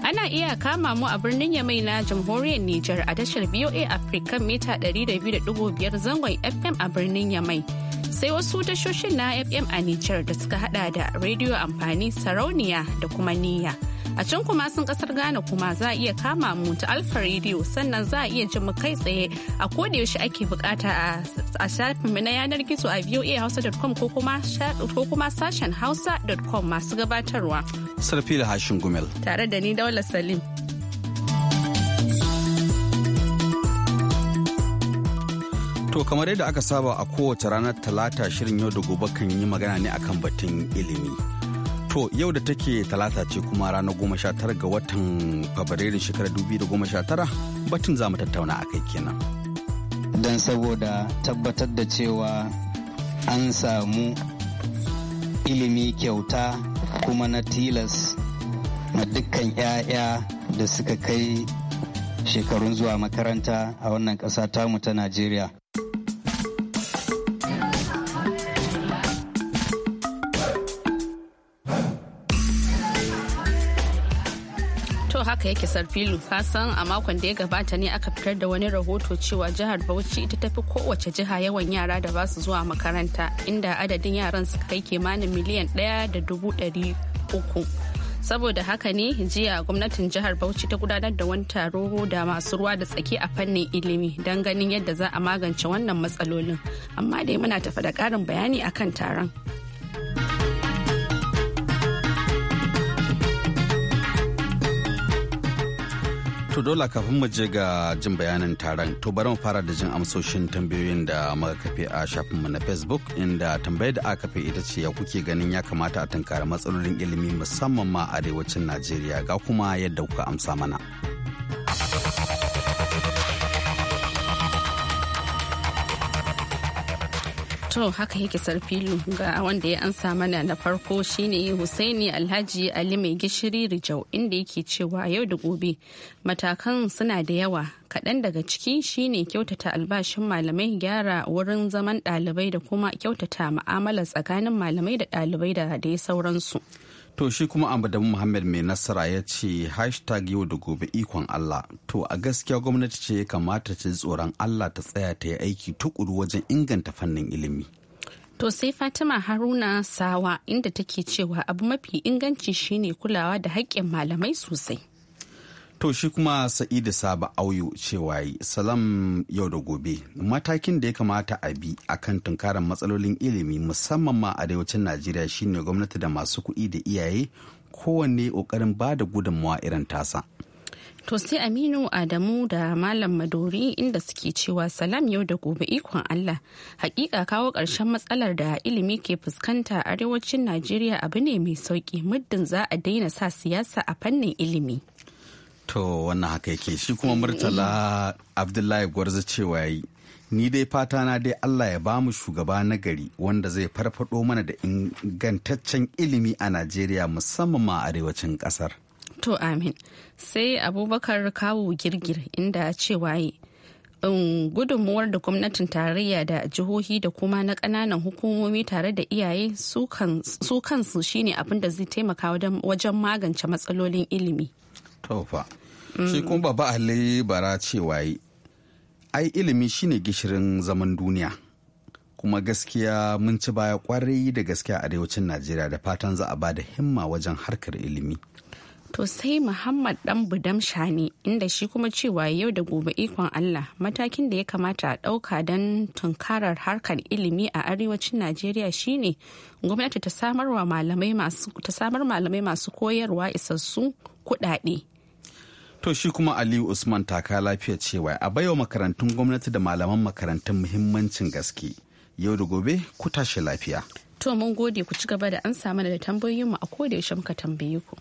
Ana iya kama mu a birnin Yamai na jamhuriyar Nijar a tashar BOA Africa mita 200.5 zangon FM a birnin Yamai. Sai wasu tashoshin na FM a Nijar da suka hada da rediyo amfani sarauniya da kuma niyya. A can kuma sun kasar Ghana kuma za a iya kama mu ta Alfa Radio sannan za a iya ji mu kai tsaye a yaushe ake bukata a shafin na yanar gizo a voahausa.com ko kuma sashen hausa.com masu gabatarwa. Sarfila Hashin Gumel. Tare da ni Daula Salim. To kamar yadda aka saba a kowace ranar talata shirin yau da gobe kan yi magana ne akan batun ilimi. To yau da take talata ce kuma ranar goma sha tara ga watan Fabrairun shekarar dubi da goma sha tara batun za mu tattauna a kai kenan. Don saboda tabbatar da cewa an samu ilimi kyauta kuma na tilas na dukkan 'ya'ya da suka kai shekarun zuwa makaranta a wannan ƙasa tamu ta Najeriya. aka yake sarfilu kasan a makon da ya gabata ne aka fitar da wani rahoto cewa jihar bauchi ita tafi kowace jiha yawan yara da ba su zuwa makaranta inda adadin yaran suka kai kimanin miliyan ɗaya da dubu ɗari uku saboda haka ne jiya gwamnatin jihar bauchi ta gudanar da wani taro da masu ruwa da tsaki a fannin ilimi don ganin yadda za a magance wannan matsalolin amma dai muna tafa da ƙarin bayani akan taron To dola kafin mu je ga jin bayanin taron to bari mu fara da jin amsoshin tambayoyin da muka kafe a shafinmu na Facebook inda tambayar da aka kafe ita ce ya kuke ganin ya kamata a tunkari matsalolin ilimi musamman ma arewacin Najeriya ga kuma yadda kuka amsa mana. To haka yake sarfilu ga wanda ya ansa mana na farko shine Husaini Alhaji Ali mai gishiri Rijau inda yake cewa yau da gobe matakan suna da yawa kaɗan daga ciki shine kyautata albashin malamai gyara wurin zaman ɗalibai da kuma kyautata ma'amala tsakanin malamai da ɗalibai da dai sauransu. To shi kuma Amadamu Muhammad mai nasara ya ce hashtag yau da gobe ikon Allah. To a gaskiya gwamnati ce ya kamata ce tsoron Allah ta tsaya ta yi aiki tukuru wajen inganta fannin ilimi. To sai Fatima Haruna Sawa inda take cewa abu mafi inganci shine kulawa da haƙƙin malamai sosai. To shi kuma Sa'idu Saba Auyo cewa salam yau da gobe matakin da ya kamata a bi a kan tunkarar matsalolin ilimi musamman ma arewacin Najeriya shine gwamnati da masu kuɗi da iyaye kowanne ƙoƙarin ba da gudunmawa irin tasa. To sai Aminu Adamu da Malam Madori inda suke cewa salam yau da gobe ikon Allah. Hakika kawo ƙarshen matsalar da ilimi ke fuskanta arewacin Najeriya abu ne mai sauƙi muddin za a daina sa siyasa a fannin ilimi. To wannan haka yake shi kuma Murtala Abdullahi Gwarza cewa yi. Ni dai fata na dai Allah ya ba mu shugaba nagari wanda zai farfado mana da ingantaccen ilimi a Najeriya musamman ma arewacin kasar. To amin. Sai Abubakar kawo girgir inda cewa yi. Um, gudunmuwar da gwamnatin tarayya da jihohi da kuma na ƙananan hukumomi tare da iyaye su kansu shine abin da zai taimaka wajen magance matsalolin ilimi. Tofa. Shi mm. kuma baba Ali bara cewa yi, ai ilimi shine gishirin zaman duniya. Kuma gaskiya mun ci baya kwarai da gaskiya arewacin Najeriya da fatan za a ba da himma wajen harkar ilimi. To sai Muhammad dan Budam Shani inda shi kuma cewa yau da gobe ikon Allah matakin da ya kamata a dauka don tunkarar harkar ilimi a arewacin Najeriya shine gwamnati ta samar malamai masu koyarwa isassu kudade. To shi kuma Aliyu Usman taka lafiya cewa a baiwa makarantun gwamnati da malaman makarantun muhimmancin gaske. Yau da gobe ku tashi lafiya. To mun gode ku ci gaba da an samu da mu a ko koda yaushe muka tambaye ku.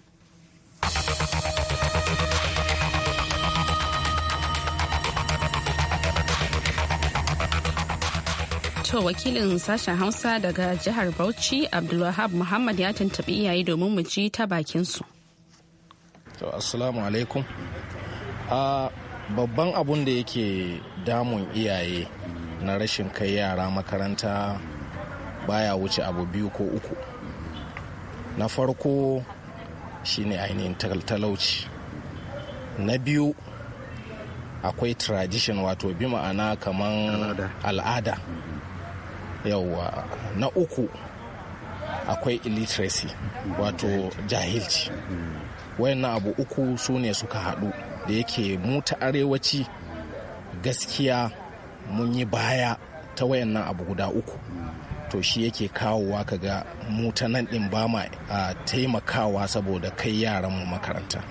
To wakilin sashen Hausa daga jihar Bauchi Abdulwahab Muhammad ya tuntuɓi iyaye domin mu ji ta bakinsu. su. to assalamu alaikum a babban abun da yake damun iyaye na rashin kai yara makaranta baya wuce abu biyu ko uku na farko shine ainihin talauci na biyu akwai tradition wato bi ma'ana kaman al'ada yauwa na uku akwai illiteracy wato jahilci wayannan abu uku su ne suka haɗu da yake mu ta arewaci gaskiya mun yi baya ta wayannan abu guda uku to shi yake kawowa kaga mu ta nan din ba ma taimakawa saboda kai yaran mu makaranta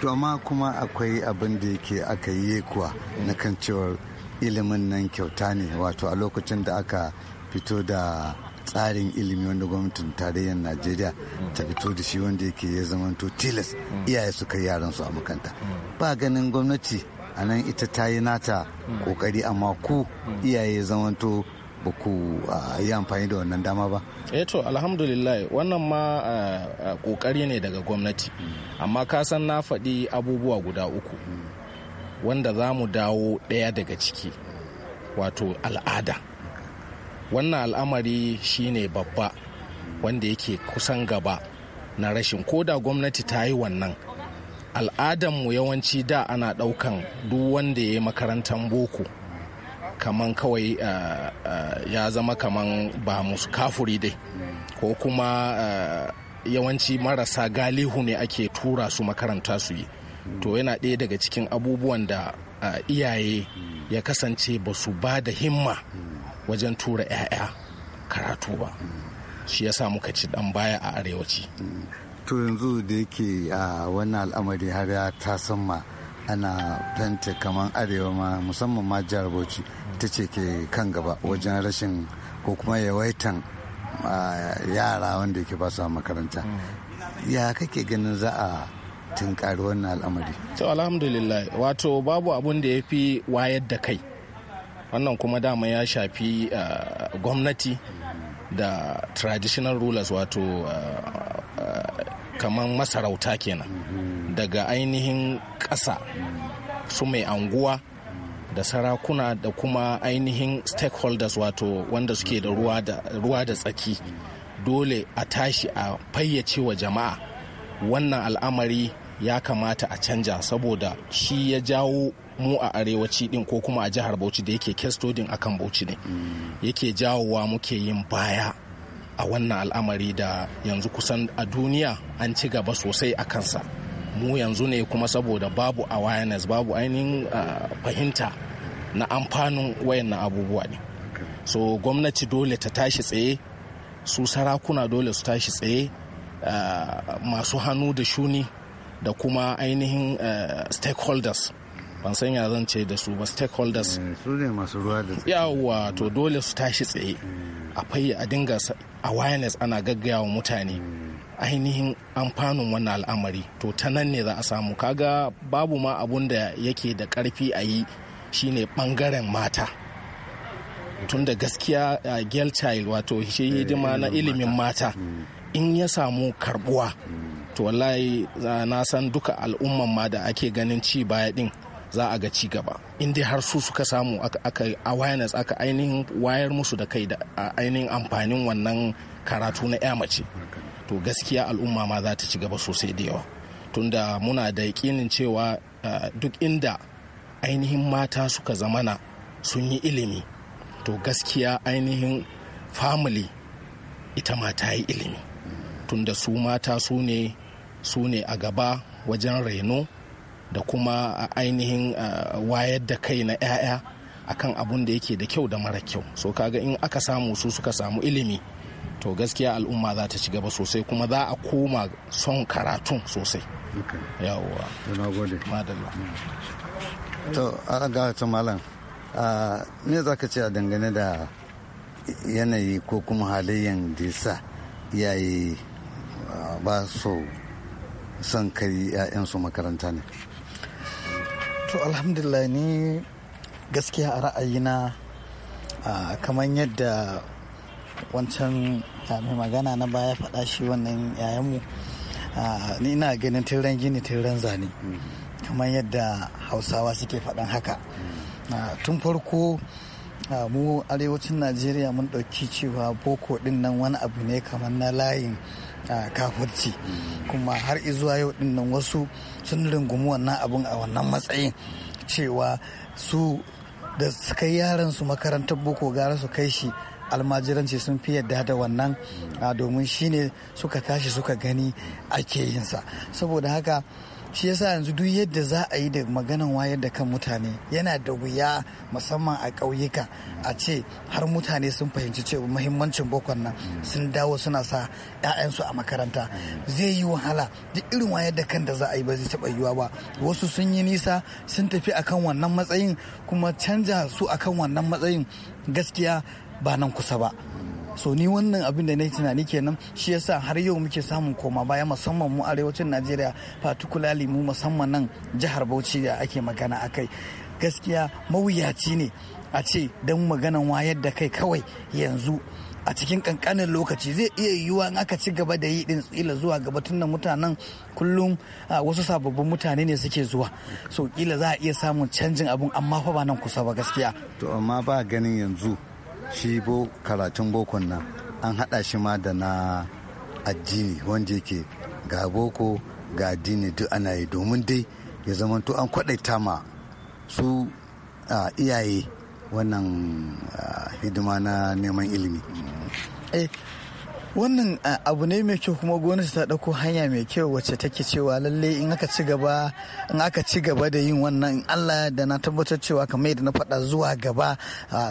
to amma kuma akwai abin da yake aka yi kuwa na kan cewar ilimin nan kyauta ne wato a lokacin da aka fito da tsarin ilimi wanda gwamnatin tarayyar najeriya ta fito da shi wanda yake ya zamanto tilas iyaye su kai yaran su a makanta ba ganin gwamnati a nan ita ta yi nata kokari amma ku iyaye ya to ba ku yi amfani da wannan dama ba? eh to alhamdulillah wannan ma kokari ne daga gwamnati amma ka san na faɗi abubuwa guda uku wanda za mu dawo ɗaya daga ciki wato al'ada wannan al'amari shine babba wanda yake kusan gaba na rashin ko da gwamnati ta yi wannan al'adanmu yawanci da ana ɗaukan duk wanda ya yi makarantar boko kaman kawai uh, uh, ya zama kaman ba musu kafuri dai ko kuma uh, yawanci marasa galihu ne ake tura su makaranta su yi to yana ɗaya daga cikin abubuwan da iyaye ya kasance ba su ba da himma wajen tura 'ya'ya karatu ba shi yasa muka ci dan baya a arewaci to yanzu da yake a wannan al'amari har ya ta sama ana fente kamar arewa ma musamman ma jihar bauchi ta ce ke kan gaba wajen rashin ko kuma yawaitan yara wanda yake ba a makaranta ya kake ganin za a tunkari wannan al'amari to alhamdulillah wato babu abun da ya fi wayar da kai wannan kuma dama ya shafi uh, gwamnati da traditional rulers wato uh, uh, kamar masarauta kenan daga ainihin ƙasa su mai anguwa da sarakuna da kuma ainihin stakeholders wato wanda suke da ruwa da tsaki dole a tashi a fayyace wa jama'a wannan al'amari ya kamata a canja saboda shi ya jawo mu a arewaci din ko kuma a jihar bauchi da yake kestodin akan bauchi ne yake jawowa muke yin baya a wannan al'amari da yanzu kusan a duniya an ci gaba sosai a kansa mu yanzu ne kuma saboda babu awareness babu ainihin fahimta na amfanin wayannan abubuwa ne so gwamnati dole ta tashi tsaye su sarakuna dole su tashi tsaye masu hannu da shuni da kuma ainihin stakeholders ban san ya zan ce da su ba stakeholders eh, su ne masu ruwa da yawa to dole su tashi tsaye eh. a a dinga awareness ana gaggawa mutane eh. ainihin amfanin wannan al'amari to ta nan ne za a samu kaga babu ma abun da yake da karfi a yi shine bangaren mata tun da gaskiya a girl child wato shi hidima na ilimin mata hmm. in ya samu karbuwa hmm. to wallahi na san duka al'umman ma da ake ganin ci baya din za a ga ci gaba in dai har su suka samu aka awareness aka ainihin wayar musu da kai da ainihin amfanin wannan karatu na ya mace to gaskiya al'umma ma za ta ci gaba sosai da yawa tunda muna da yakinin cewa duk inda ainihin mata suka zamana sun yi ilimi to gaskiya ainihin family ita ma ta yi ilimi tunda su mata su ne su ne a gaba wajen raino da kuma a ainihin wayar da kai na 'ya'ya akan abun da yake da kyau da mara kyau so kaga in aka samu su suka samu ilimi to gaskiya al'umma za ta ci gaba sosai kuma za a koma son karatun sosai yawwa to ta me za ka ce a dangane da yanayi ko kuma halayen da sa iyaye ba su son kai 'ya'yansu makaranta ne to alhamdulillah ni gaskiya a ra'ayina kamar yadda wancan mai magana na baya faɗa shi wannan yayanmu ni ina ganin tiran gini tiran zane kamar yadda hausawa suke faɗan haka tun farko mu arewacin najeriya mun ɗauki cewa boko ɗin nan wani abu ne kamar na layin kafurci kuma har izuwa yau din nan wasu sun rungumi wannan abin a wannan matsayin cewa su da suka yi yaran su makarantar boko gara su kai shi almajiranci sun fi yadda da wannan domin shine suka tashi suka gani ake yinsa saboda haka shi yasa yanzu duk yadda za a yi da maganan wayar da kan mutane yana da wuya musamman a ƙauyuka a ce har mutane sun fahimci cewa muhimmancin bokon nan sun dawo suna sa 'ya'yansu a makaranta zai yi wahala duk irin wayar da kan da za a yi ba zai taɓa yiwuwa ba wasu sun yi nisa sun tafi akan wannan matsayin kuma canja su akan wannan matsayin gaskiya ba nan kusa ba so ni wannan abin da na yi tunani kenan shi yasa har yau muke samun koma baya musamman mu arewacin najeriya particularly mu musamman nan jihar bauchi da ake magana akai gaskiya mawuyaci ne a ce don maganan wayar da kai kawai yanzu a cikin kankanin lokaci zai iya yiwuwa in aka ci gaba da yi din tsila zuwa gaba tunda mutanen kullum wasu sababbin mutane ne suke zuwa so kila za a iya samun canjin abun amma fa ba nan kusa ba gaskiya to amma ba ganin yanzu shi bo karatun bokon nan an haɗa shi ma da na addini wanda yake ga boko ga addini duk ana yi domin dai ya zamanto an kwaɗaita ma su iyaye wannan hidima na neman ilimi eh, wannan abu ne mai kyau kuma gwamnati ta ɗauko hanya mai kyau wacce take cewa lalle in aka ci gaba in aka ci gaba da yin wannan allah da na tabbatar cewa kamar yadda na faɗa zuwa gaba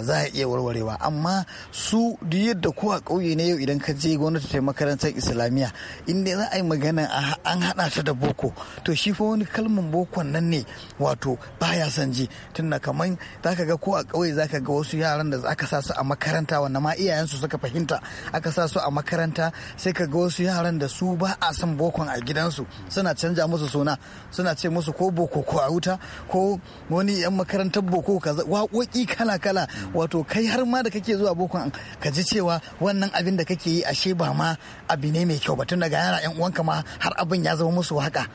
za a iya warwarewa amma su duk yadda ko a ƙauye ne yau idan ka je gwamnati ta makarantar islamiyya in za a yi magana an haɗa ta da boko to shi fa wani kalman bokon nan ne wato baya san ji tunda kamar za ka ga ko a ƙauye za ka ga wasu yaran da aka sa su a makaranta wanda ma iyayensu suka fahimta aka sa su a makaranta makaranta sai ka ga wasu yaran da su ba a son bokon a gidansu suna canja musu suna suna ce musu ko boko ko a wuta ko wani yan makarantar boko kaza waƙoƙi kala kala wato kai har ma da kake zuwa bokon ka ji cewa wannan abin da kake yi ashe ba ma abu ne mai kyau ba tun daga yara yan uwanka ma har abin ya zama musu haka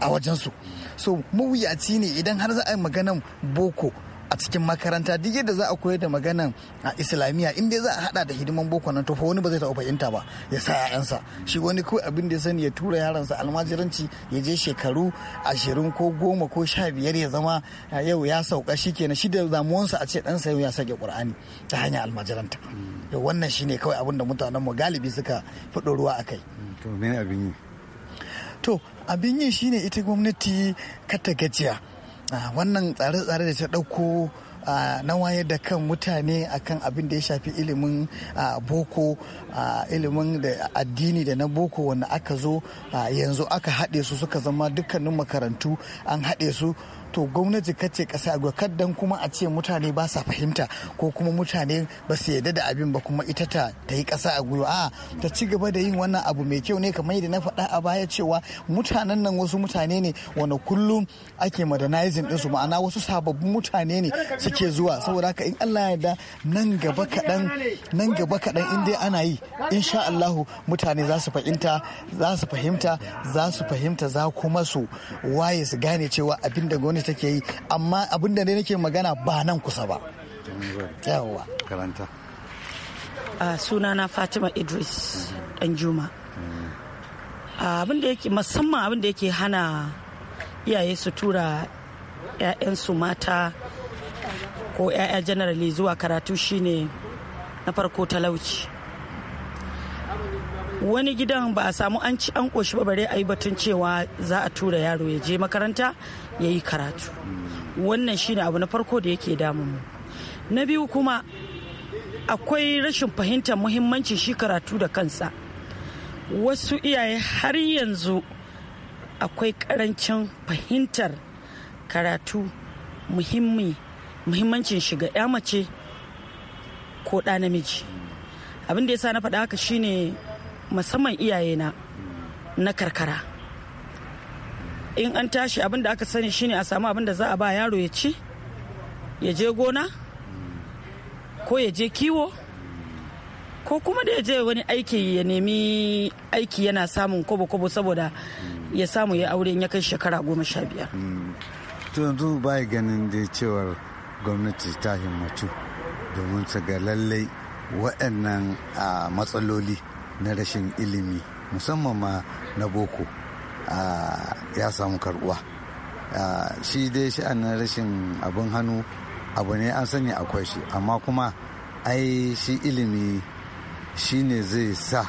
a wajensu so mawuyaci ne idan har za a yi maganan boko a cikin makaranta duk yadda za a koyar da maganan a islamiyya in dai za a hada da hidiman boko nan to fa wani ba zai taɓa fahimta ba ya sa ƴaƴansa shi wani kawai abin da ya sani ya tura yaransa almajiranci ya je shekaru ashirin ko goma ko sha biyar ya zama yau ya sauka shi kenan shi da zamuwansa a ce ɗansa yau ya sake ƙur'ani ta hanyar almajiranta da wannan shine kawai abin da mutanen mu galibi suka fi ruwa a kai to abin yi to abin yi shine ita gwamnati kata gajiya Ah, wannan tsare-tsare da ta ɗauko ah, na wayar da kan mutane akan abin da ya shafi ilimin ah, boko ilimin da addini da na boko wanda aka zo yanzu aka haɗe su suka zama dukkanin makarantu an haɗe su to gwamnati kace kasa ga kaddan kuma a ce mutane ba sa fahimta ko kuma mutane ba su yarda da abin ba kuma ita ta ta yi kasa a gwiwa a ta ci gaba da yin wannan abu mai kyau ne kamar yadda na faɗa a baya cewa mutanen nan wasu mutane ne wanda kullum ake modernizing su ma'ana wasu sababbin mutane ne suke zuwa saboda haka in Allah ya da nan gaba kaɗan nan gaba kaɗan in dai ana yi insha Allah mutane za su fahimta za su fahimta za su fahimta za kuma su waye su gane cewa abin da gwamnati da take yi amma abin da nake magana ba nan kusa ba yawa karanta a sunana fatima idris dan juma abin da yake musamman abin da yake hana iyaye su tura 'ya'yansu mata ko 'ya'ya generally zuwa karatu shine na farko talauci wani gidan ba a samu an ci an koshi ba bare a yi batun cewa za a tura yaro ya je makaranta ya yi karatu wannan shine abu na farko da yake damun na biyu kuma akwai rashin fahimtar muhimmanci shi karatu da kansa wasu iyaye har yanzu akwai karancin fahimtar karatu muhimmi muhimmancin shiga ya mace ko ɗa namiji abin da ya sa na faɗa haka shine musamman iyaye na na karkara in an tashi abin da aka sani shine a samu abin da za a ba yaro ya ci ya je gona ko ya je kiwo ko kuma da ya je wani aiki ya nemi aiki yana samun kobo-kobo saboda ya samu ya aure ya kai shekara goma sha biyar. Mm. to yanzu ya ganin da cewar gwamnati ta himmatu domin su ga lallai waɗannan ah, matsaloli na rashin ilimi musamman ma na boko ya samu karbuwa shi dai sha'anin rashin abin hannu abu ne an sani akwai shi amma kuma ai shi ilimi shi ne zai sa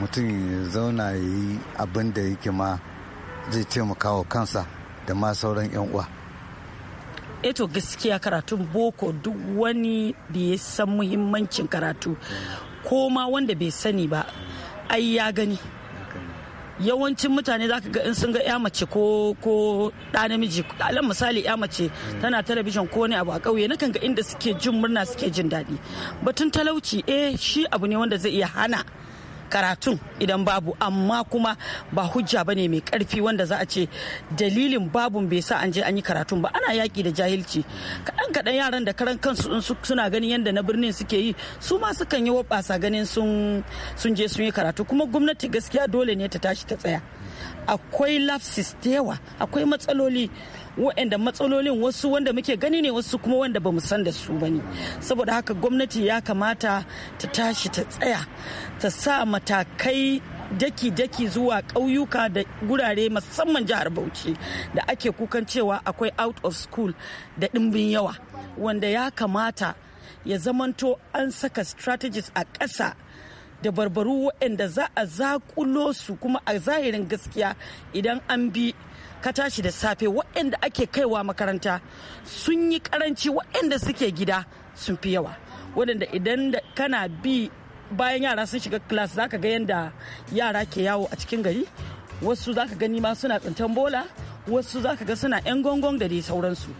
mutum ya zauna ya yi abin da yake ma zai taimaka wa kansa da ma sauran 'yan uwa. eto eh gaskiya karatun boko duk wani da ya san muhimmancin karatu ko ma wanda bai sani ba ai ya gani yawancin mutane za ka ga in sun ga ya mace ko ko ɗa namiji alam misali ya mace tana talabijin ko wani abu a ƙauye na kan ga inda suke jin murna suke jin daɗi batun talauci eh shi abu ne wanda zai iya hana karatun idan babu amma kuma ba hujja bane mai karfi wanda za a ce dalilin babun bai sa an je an yi karatun ba ana yaki da jahilci kaɗan kaɗan yaran da karan kansu suna ganin yadda na birnin suke yi su ma sukan yi wabasa ganin sun je sun yi karatu kuma gwamnati gaskiya dole ne ta tashi ta tsaya akwai lapses da yawa akwai matsaloli waɗanda matsalolin wasu wanda muke gani ne wasu kuma wanda bamu san da su ba bane saboda haka gwamnati ya kamata ta tashi ta tsaya ta sa matakai daki-daki zuwa ƙauyuka da gurare musamman jihar bauchi da ake kukan cewa akwai out of school da ɗimbin yawa wanda ya kamata ya zamanto an saka strategies a ƙasa da barbaru waɗanda za a zakulo su kuma a zahirin gaskiya idan an bi ka tashi da safe waɗanda ake kaiwa makaranta sun yi karanci waɗanda suke gida sun fi yawa waɗanda idan kana bi bayan yara sun shiga class zaka ga yadda yara ke yawo a cikin gari wasu za ka gani ma suna tsintan bola wasu za ka ga suna 'yan gongon da dai sauransu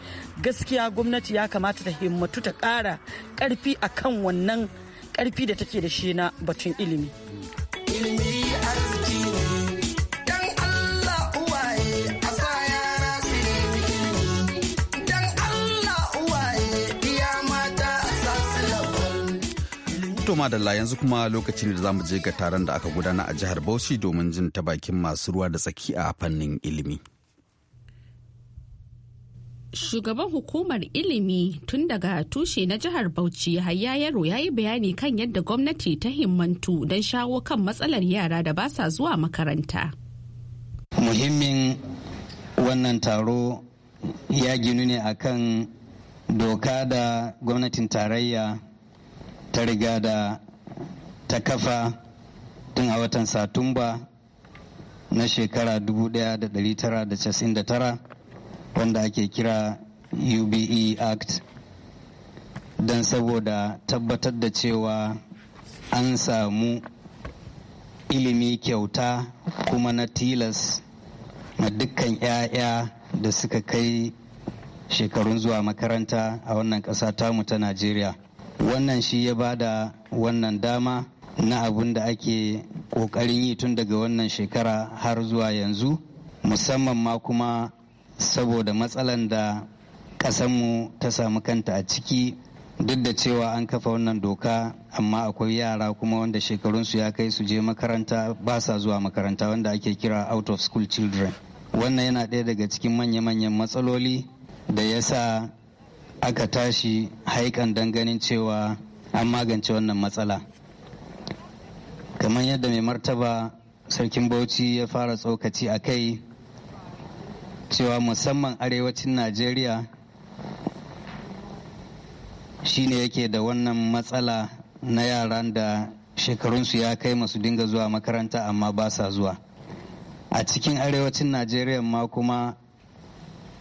gaskiya gwamnati ya kamata ta himmatu ta ƙara ƙarfi akan wannan ƙarfi da take da shi na batun ilimi. To madalla yanzu kuma lokacin da zamu je ga taron da aka gudana a jihar Bauchi domin jin ta bakin masu ruwa da tsaki a fannin ilimi. Shugaban hukumar ilimi tun daga tushe na jihar Bauchi Hayya Yaro ya yi bayani kan yadda gwamnati ta himmantu don shawo kan matsalar yara da ba sa zuwa makaranta. Muhimmin wannan taro ya ginu ne akan doka da gwamnatin tarayya ta riga da ta kafa tun a watan satumba na shekara 1999 wanda ake kira ube act don saboda tabbatar da cewa an samu ilimi kyauta kuma na tilas na dukkan 'ya'ya da suka kai shekarun zuwa makaranta a wannan ƙasa tamu ta najeriya wannan shi ya ba da wannan dama na abin da ake ƙoƙarin yi tun daga wannan shekara har zuwa yanzu musamman ma kuma saboda matsalan da ƙasanmu ta samu kanta a ciki duk da cewa an kafa wannan doka amma akwai yara kuma wanda shekarunsu ya kai su je makaranta ba sa zuwa makaranta wanda ake kira out of school children wannan yana ɗaya daga cikin manya-manyan matsaloli da ya sa aka tashi haikan don ganin cewa an magance wannan matsala kamar yadda mai martaba sarkin bauchi ya fara tsokaci a kai cewa musamman arewacin najeriya shine yake da wannan matsala na yaran da shekarunsu ya kai masu dinga zuwa makaranta amma ba sa zuwa a cikin arewacin najeriya ma kuma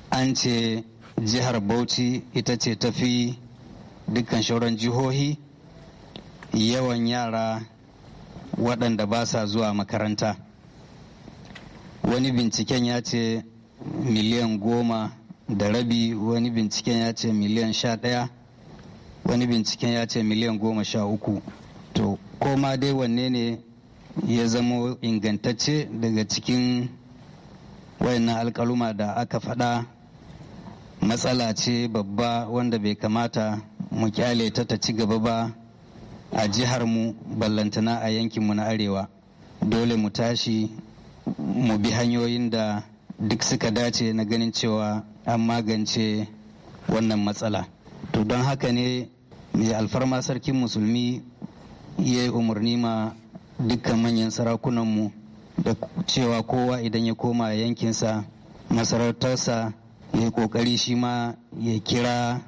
an ce jihar bauchi ita ce ta fi dukkan shauran jihohi yawan yara waɗanda ba sa zuwa makaranta wani binciken ya ce miliyan goma da rabi wani binciken ya ce miliyan sha ɗaya wani binciken ya ce miliyan goma sha uku to koma dai wanne ne ya zamo ingantacce daga cikin wayannan alkaluma da aka faɗa matsala ce babba wanda bai kamata mu kyale ta ta ci gaba ba a jihar mu ballantana a yankin mu na arewa dole mu tashi mu bi hanyoyin da duk suka dace na ganin cewa an magance wannan matsala to don haka ne mai alfarma sarkin musulmi ya yi umarni ma dukkan manyan sarakunan mu da cewa kowa idan ya koma yankinsa masarautarsa ya kokari shi ma ya kira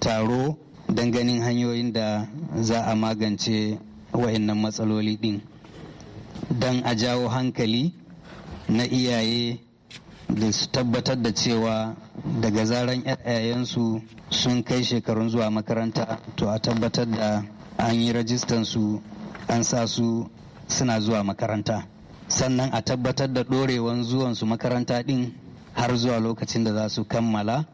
taro don ganin hanyoyin da za a magance wa'annan matsaloli din don a jawo hankali na iyaye da su tabbatar da cewa daga zaran 'ya'yayensu sun kai shekarun zuwa makaranta to a tabbatar da an yi su an sa su suna zuwa makaranta sannan a tabbatar da ɗorewan zuwansu makaranta ɗin har zuwa lokacin da za su kammala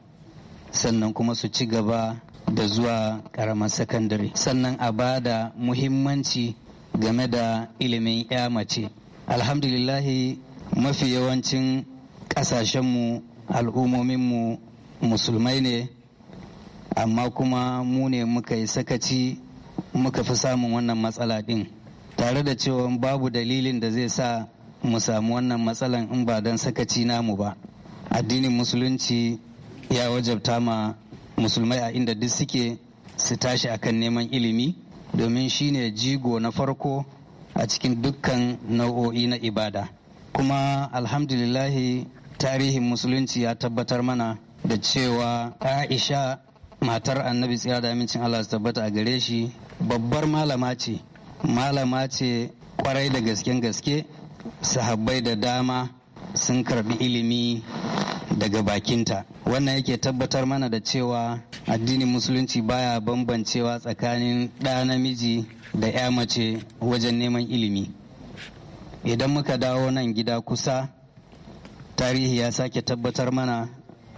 sannan kuma su ci gaba da zuwa karamar sakandare sannan a ba da muhimmanci game da ilimin ya mace alhamdulillahi mafi yawancin ƙasashenmu al'ummominmu musulmai ne amma kuma mu ne muka yi sakaci muka fi samun wannan matsala ɗin tare da cewa babu dalilin da zai sa mu samu wannan matsalan in ba don sakaci namu ba addinin musulunci ya wajabta ma musulmai a inda duk suke su tashi akan neman ilimi domin shi ne jigo na farko a cikin dukkan nau'o'i na ibada kuma alhamdulillahi tarihin musulunci ya tabbatar mana da cewa aisha matar annabi tsira da amincin allah su tabbata a gare shi babbar malama ce malama ce kwarai da gasken gaske sahabbai da dama sun karbi ilimi daga bakinta wannan yake tabbatar mana da cewa addinin musulunci baya bambancewa tsakanin ɗa namiji da 'ya mace wajen neman ilimi idan muka dawo nan gida kusa tarihi ya sake tabbatar mana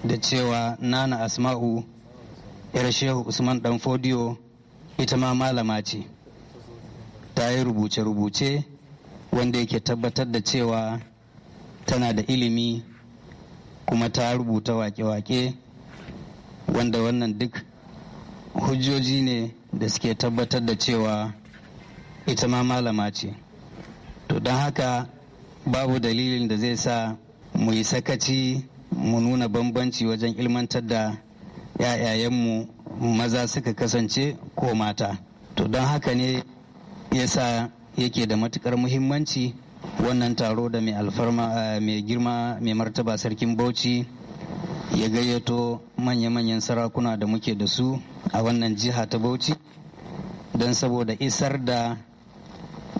da cewa nana asma'u yar shehu usman dan fodiyo ita ma malama ce ta yi rubuce-rubuce wanda yake tabbatar da cewa tana da ilimi kuma ta rubuta wake-wake wanda wannan duk hujjoji ne da suke tabbatar da cewa ita ma malama ce to don haka babu dalilin da zai sa mu yi sakaci mu nuna bambanci wajen ilmantar da 'ya'yayenmu maza suka kasance ko mata to don haka ne yasa yake da matukar muhimmanci wannan taro da mai alfarma eh, mai girma mai martaba sarkin bauchi ya gayyato manya-manyan sarakuna da muke da su a wannan jiha ta bauchi don saboda isar da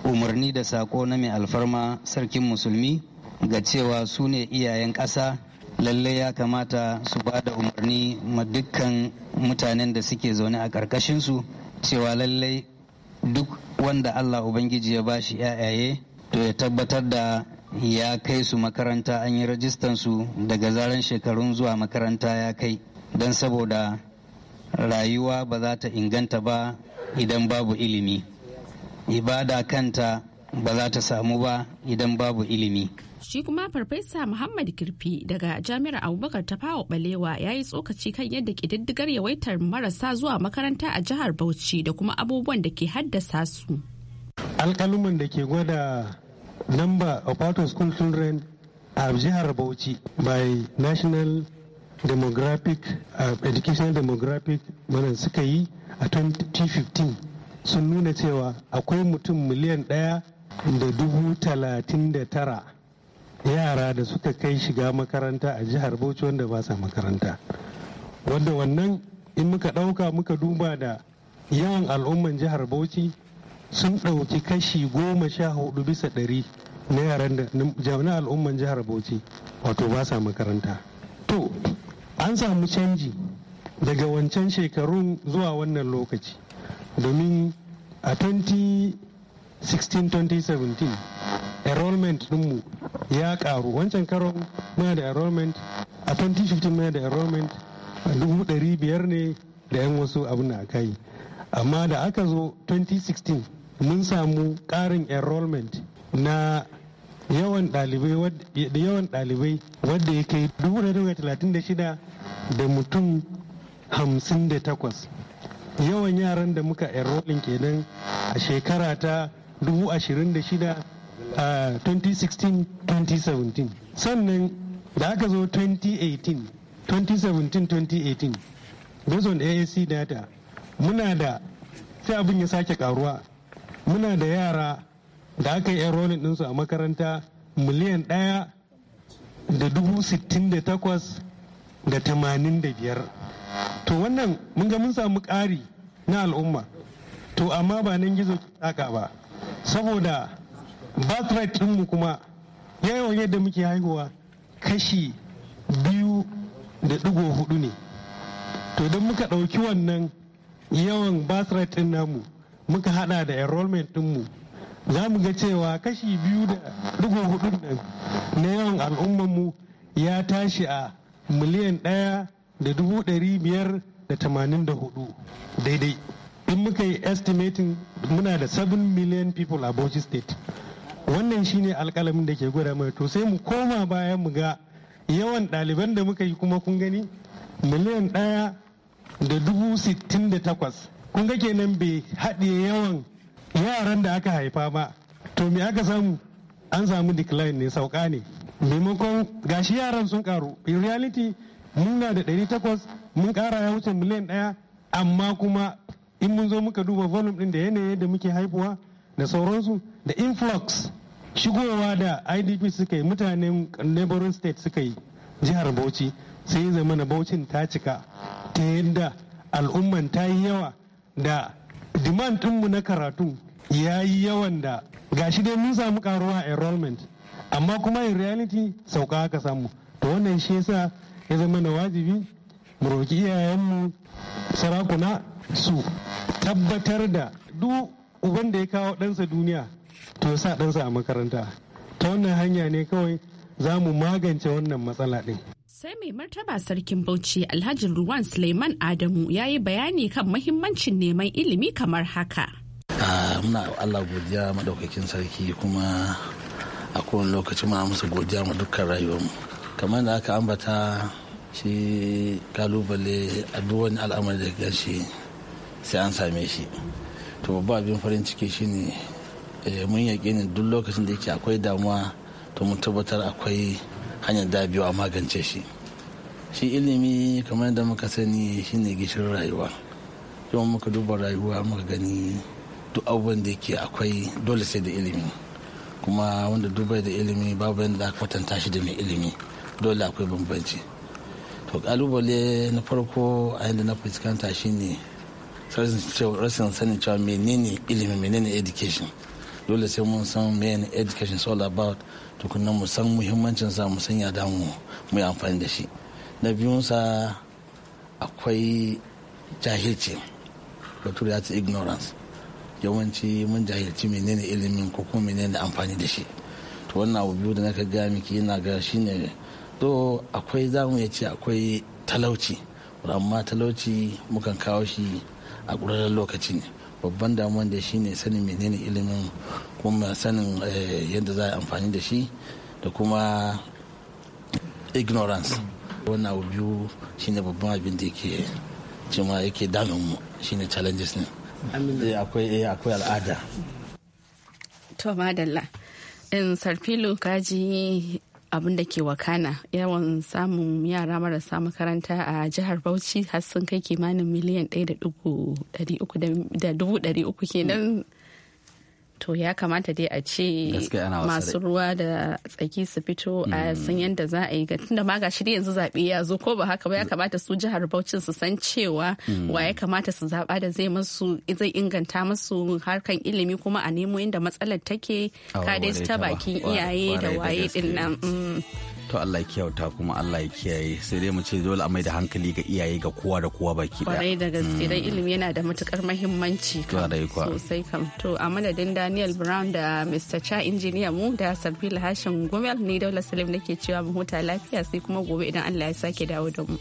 umarni da sako na mai alfarma sarkin musulmi ga cewa su ne iyayen ƙasa lalle ya kamata su ba da umarni ma dukkan mutanen da suke zaune a ƙarƙashinsu cewa lallai duk wanda allah ubangiji ya bashi 'ya'yaye to ya tabbatar da ya kai su makaranta an yi rajistan su daga zaren shekarun zuwa makaranta ya kai don saboda rayuwa ba za ta inganta ba idan babu ilimi ibada kanta ba za ta samu ba idan babu ilimi shi kuma farfesa muhammad kirfi daga jami'ar abubakar ta fawo balewa ya yi tsokaci kan yadda ƙididdigar yawaitar marasa zuwa makaranta a jihar bauchi da kuma abubuwan da ke haddasa su alkaluman da ke gwada number of out-of-school children a jihar Bauchi by National Demographic uh, Educational Demographic mana suka yi a 2015 sun nuna cewa akwai mutum miliyan ɗaya da dubu talatin da tara yara da suka kai shiga makaranta a jihar Bauchi wanda ba sa makaranta. Wanda wannan in muka ɗauka muka duba da yawan al'umman jihar Bauchi sun ɗauki kashi goma sha hudu bisa ɗari na yaran da jami'an al'umman jihar bauchi wato ba sa makaranta to an samu canji daga wancan shekarun zuwa wannan lokaci domin a 2016-2017 enrollment dinmu ya ƙaru. wancan karon muna da enrollment a 2015 muna da enrollment a biyar ne da 'yan wasu abin a kai amma da aka zo 2016 mun samu ƙarin enrollment na yawan ɗalibai yawan ɗalibai wadda ya kai shida da mutum hamsin da takwas yawan yaran da muka enrolling kenan a shekara ta shida a 2016-2017 sannan da aka zo 2017-2018 based on asc data muna da sai abin ya sake karuwa muna da yara da aka yi enrolling ɗinsu a makaranta miliyan ɗaya da dubu sittin da takwas da tamanin da biyar to wannan mun ga mun samu ƙari na al'umma to amma ba nan gizo taka ba saboda birth rate ɗinmu kuma yawan yadda muke haihuwa kashi biyu da ɗigo hudu ne to don muka ɗauki wannan yawan birth rate ɗin namu muka hada da enrollment dinmu za mu ga cewa kashi biyu da dugu hudun na yawan al'ummanmu ya tashi a miliyan ɗaya da dubu ɗari biyar da tamanin da hudu daidai in muka yi estimating muna da 7 million people a Bauchi state wannan shine alkalamin da ke gwada mai to sai mu koma bayan mu ga yawan ɗaliban da muka yi kuma kun gani miliyan ɗaya da dubu sittin da takwas kun ga kenan bai haɗe yawan yaran da aka haifa ba to me aka samu an samu decline ne sauka ne maimakon gashi yaran sun karu in reality muna da 800 mun kara ya wuce miliyan ɗaya amma kuma in mun zo muka duba volume ɗin da yanayi da muke haifuwa da sauransu da influx shigowa da idp suka yi mutanen neighboring state suka yi jihar bauchi sai ya zama na bauchin ta cika ta yadda al'umman ta yi yawa da demand ɗinmu na karatu ya yi yawan da gashi dai mun samu karuwa a enrollment amma kuma in reality sauka aka samu to wannan shi yasa ya zama na wajibi mu roki iyayenmu sarakuna su tabbatar da duk uban da ya kawo ɗansa duniya to ya sa ɗansa a makaranta ta wannan hanya ne kawai za mu magance wannan matsala ɗin Sai mai martaba sarkin Bauchi Alhaji Ruwan Suleiman Adamu ya yi bayani kan mahimmancin neman ilimi kamar haka. Muna Allah godiya madaukakin sarki kuma a kowane lokaci muna musu godiya ma dukkan mu Kamar da aka ambata shi kalubale a duk wani al'amari da gan shi sai an same shi. To babba abin farin ciki shi ne eh, mun yaƙi ne duk lokacin da yake akwai damuwa to mu tabbatar akwai hanyar da biyu a magance shi shi ilimi kamar yadda muka sani shi ne gishirin rayuwa yau muka duba rayuwa muka gani duk abubuwan da yake akwai dole sai da ilimi kuma wanda dubai da ilimi babu yadda za kwatanta shi da mai ilimi dole akwai bambanci to kalubale na farko a yadda na fuskanta ne rashin sanin cewa menene ilimi menene education dole sai mun san men education is all about tukunan mu san muhimmancin sa mu san ya damu mu yi amfani da shi na biyunsa akwai jahilci bature ya ce ignorance yawanci mun jahilci menene ilimin ko kuma menene amfani da shi to wannan abu biyu da naka ga miki yana ga shine to akwai zamu ya ce akwai talauci amma talauci mukan kawo shi a ƙurarren lokaci ne babban damuwan da ne sanin menene ilimin kuma sanin eh, yadda za a amfani da shi da kuma ignorance wannan abu biyu ne babban abin da ke cima yake damin mu ne challenges ne eh, akwai eh, akwai al'ada to madalla in sarfilu kaji abin da ke wakana yawan samun yara marasa makaranta a jihar bauchi har sun kai kimanin miliyan 1.300 kenan to ya kamata dai a ce masu ruwa da tsaki su fito a hmm. san yadda za a yi ga tunda ma ga shirya yanzu zaɓe ya zo ko ba haka ba ya hmm. kamata su jihar Bauchi su san cewa hmm. wa ya kamata su zaɓa da zai masu zai inganta masu harkan ilimi kuma a nemo inda matsalar take ka dai ta bakin iyaye da waye din to Allah ya kyauta kuma Allah ya kiyaye sai dai mu ce dole a mai da hankali ga iyaye ga kowa da kowa baki daya kwarai da gaske dan hmm. ilimi yana da matukar muhimmanci sosai kam to a madadin Daniel Brown da Mr. Cha injiniya mu da Sabil Hashim Gumel ni Daula Salim nake cewa mu huta lafiya sai kuma gobe idan Allah ya sake dawo da mu